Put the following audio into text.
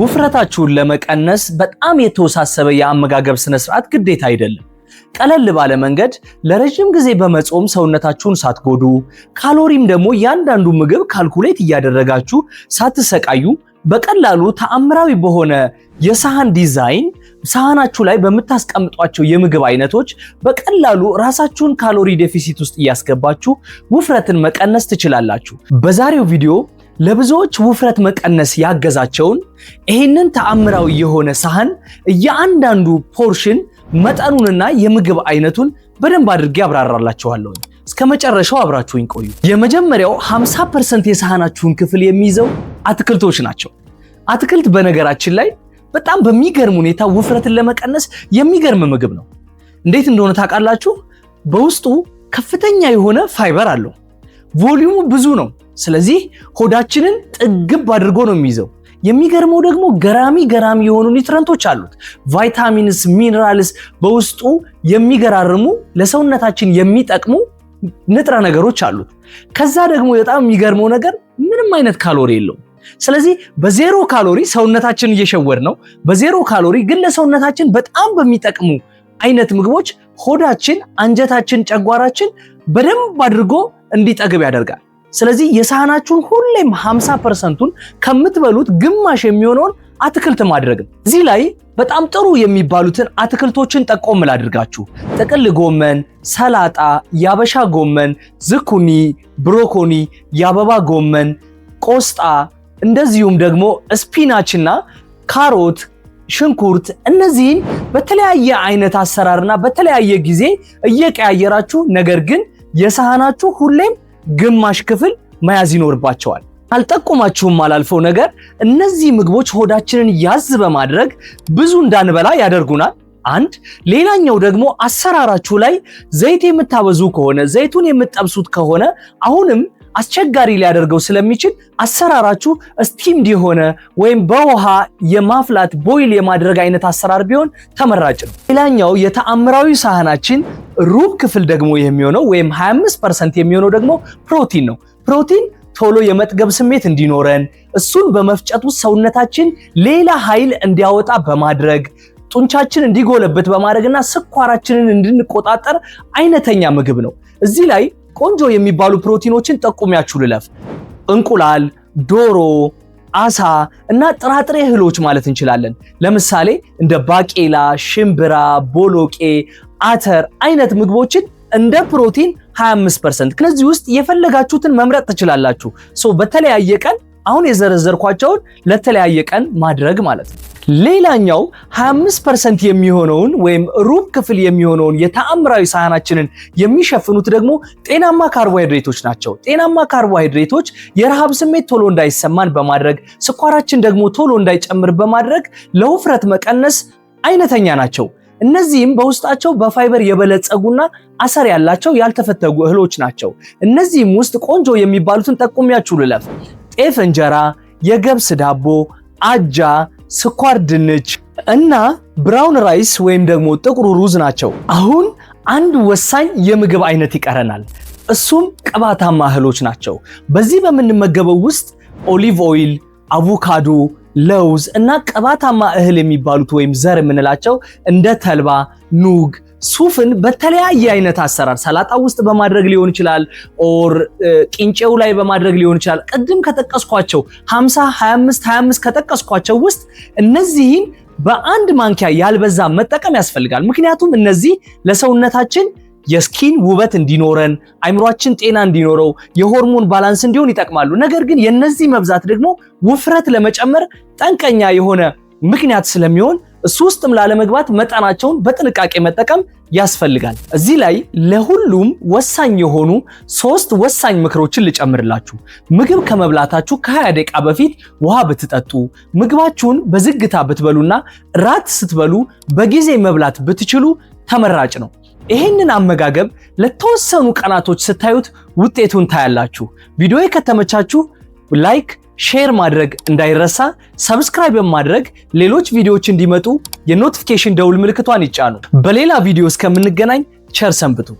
ውፍረታችሁን ለመቀነስ በጣም የተወሳሰበ የአመጋገብ ስነ ስርዓት ግዴታ አይደለም። ቀለል ባለ መንገድ ለረጅም ጊዜ በመጾም ሰውነታችሁን ሳትጎዱ፣ ካሎሪም ደግሞ እያንዳንዱ ምግብ ካልኩሌት እያደረጋችሁ ሳትሰቃዩ በቀላሉ ተአምራዊ በሆነ የሳህን ዲዛይን ሳህናችሁ ላይ በምታስቀምጧቸው የምግብ አይነቶች በቀላሉ ራሳችሁን ካሎሪ ዴፊሲት ውስጥ እያስገባችሁ ውፍረትን መቀነስ ትችላላችሁ። በዛሬው ቪዲዮ ለብዙዎች ውፍረት መቀነስ ያገዛቸውን ይህንን ተአምራዊ የሆነ ሳህን እያንዳንዱ ፖርሽን መጠኑንና የምግብ አይነቱን በደንብ አድርጌ ያብራራላችኋለሁ። እስከ መጨረሻው አብራችሁኝ ቆዩ። የመጀመሪያው 50% የሳህናችሁን ክፍል የሚይዘው አትክልቶች ናቸው። አትክልት በነገራችን ላይ በጣም በሚገርም ሁኔታ ውፍረትን ለመቀነስ የሚገርም ምግብ ነው። እንዴት እንደሆነ ታውቃላችሁ? በውስጡ ከፍተኛ የሆነ ፋይበር አለው። ቮሊዩሙ ብዙ ነው። ስለዚህ ሆዳችንን ጥግብ አድርጎ ነው የሚይዘው። የሚገርመው ደግሞ ገራሚ ገራሚ የሆኑ ኒትረንቶች አሉት። ቫይታሚንስ፣ ሚኒራልስ በውስጡ የሚገራርሙ ለሰውነታችን የሚጠቅሙ ንጥረ ነገሮች አሉት። ከዛ ደግሞ በጣም የሚገርመው ነገር ምንም አይነት ካሎሪ የለውም። ስለዚህ በዜሮ ካሎሪ ሰውነታችን እየሸወድ ነው። በዜሮ ካሎሪ ግን ለሰውነታችን በጣም በሚጠቅሙ አይነት ምግቦች ሆዳችን፣ አንጀታችን፣ ጨጓራችን በደንብ አድርጎ እንዲጠግብ ያደርጋል። ስለዚህ የሳህናችሁን ሁሌም 50 ፐርሰንቱን ከምትበሉት ግማሽ የሚሆነውን አትክልት ማድረግ ነው። እዚህ ላይ በጣም ጥሩ የሚባሉትን አትክልቶችን ጠቆም ላድርጋችሁ። ጥቅል ጎመን፣ ሰላጣ፣ ያበሻ ጎመን፣ ዝኩኒ፣ ብሮኮኒ፣ የአበባ ጎመን፣ ቆስጣ እንደዚሁም ደግሞ ስፒናችና ካሮት ሽንኩርት እነዚህን በተለያየ አይነት አሰራርና በተለያየ ጊዜ እየቀያየራችሁ ነገር ግን የሳህናችሁ ሁሌም ግማሽ ክፍል መያዝ ይኖርባቸዋል። አልጠቆማችሁም አላልፈው ነገር እነዚህ ምግቦች ሆዳችንን ያዝ በማድረግ ብዙ እንዳንበላ ያደርጉናል። አንድ ሌላኛው ደግሞ አሰራራችሁ ላይ ዘይት የምታበዙ ከሆነ ዘይቱን የምትጠብሱት ከሆነ አሁንም አስቸጋሪ ሊያደርገው ስለሚችል አሰራራችሁ ስቲምድ የሆነ ወይም በውሃ የማፍላት ቦይል የማድረግ አይነት አሰራር ቢሆን ተመራጭ ነው። ሌላኛው የተአምራዊ ሳህናችን ሩብ ክፍል ደግሞ የሚሆነው ወይም 25 ፐርሰንት የሚሆነው ደግሞ ፕሮቲን ነው። ፕሮቲን ቶሎ የመጥገብ ስሜት እንዲኖረን እሱን በመፍጨት ውስጥ ሰውነታችን ሌላ ኃይል እንዲያወጣ በማድረግ ጡንቻችን እንዲጎለበት በማድረግና ስኳራችንን እንድንቆጣጠር አይነተኛ ምግብ ነው። እዚህ ላይ ቆንጆ የሚባሉ ፕሮቲኖችን ጠቁሚያችሁ ልለፍ። እንቁላል፣ ዶሮ፣ አሳ እና ጥራጥሬ እህሎች ማለት እንችላለን። ለምሳሌ እንደ ባቄላ፣ ሽምብራ፣ ቦሎቄ፣ አተር አይነት ምግቦችን እንደ ፕሮቲን 25% ከነዚህ ውስጥ የፈለጋችሁትን መምረጥ ትችላላችሁ። ሶ በተለያየ ቀን አሁን የዘረዘርኳቸውን ለተለያየ ቀን ማድረግ ማለት ነው። ሌላኛው 25% የሚሆነውን ወይም ሩብ ክፍል የሚሆነውን የተአምራዊ ሳህናችንን የሚሸፍኑት ደግሞ ጤናማ ካርቦሃይድሬቶች ናቸው። ጤናማ ካርቦሃይድሬቶች የረሃብ ስሜት ቶሎ እንዳይሰማን በማድረግ ስኳራችን ደግሞ ቶሎ እንዳይጨምር በማድረግ ለውፍረት መቀነስ አይነተኛ ናቸው። እነዚህም በውስጣቸው በፋይበር የበለጸጉና አሰር ያላቸው ያልተፈተጉ እህሎች ናቸው። እነዚህም ውስጥ ቆንጆ የሚባሉትን ጠቁሚያችሁ ልለፍ። ጤፍ እንጀራ፣ የገብስ ዳቦ፣ አጃ፣ ስኳር ድንች እና ብራውን ራይስ ወይም ደግሞ ጥቁሩ ሩዝ ናቸው። አሁን አንድ ወሳኝ የምግብ አይነት ይቀረናል። እሱም ቅባታማ እህሎች ናቸው። በዚህ በምንመገበው ውስጥ ኦሊቭ ኦይል፣ አቮካዶ ለውዝ እና ቅባታማ እህል የሚባሉት ወይም ዘር የምንላቸው እንደ ተልባ፣ ኑግ፣ ሱፍን በተለያየ አይነት አሰራር ሰላጣ ውስጥ በማድረግ ሊሆን ይችላል። ኦር ቂንጬው ላይ በማድረግ ሊሆን ይችላል። ቅድም ከጠቀስኳቸው 50፣ 25፣ 25 ከጠቀስኳቸው ውስጥ እነዚህን በአንድ ማንኪያ ያልበዛ መጠቀም ያስፈልጋል። ምክንያቱም እነዚህ ለሰውነታችን የስኪን ውበት እንዲኖረን አይምሯችን ጤና እንዲኖረው የሆርሞን ባላንስ እንዲሆን ይጠቅማሉ። ነገር ግን የነዚህ መብዛት ደግሞ ውፍረት ለመጨመር ጠንቀኛ የሆነ ምክንያት ስለሚሆን እሱ ውስጥም ላለመግባት መጠናቸውን በጥንቃቄ መጠቀም ያስፈልጋል። እዚህ ላይ ለሁሉም ወሳኝ የሆኑ ሶስት ወሳኝ ምክሮችን ልጨምርላችሁ። ምግብ ከመብላታችሁ ከ20 ደቂቃ በፊት ውሃ ብትጠጡ፣ ምግባችሁን በዝግታ ብትበሉና ራት ስትበሉ በጊዜ መብላት ብትችሉ ተመራጭ ነው። ይህንን አመጋገብ ለተወሰኑ ቀናቶች ስታዩት ውጤቱን ታያላችሁ። ቪዲዮ ከተመቻችሁ ላይክ፣ ሼር ማድረግ እንዳይረሳ፣ ሰብስክራይብ ማድረግ ሌሎች ቪዲዮዎች እንዲመጡ የኖቲፊኬሽን ደውል ምልክቷን ይጫኑ። በሌላ ቪዲዮ እስከምንገናኝ ቸር ሰንብቱ።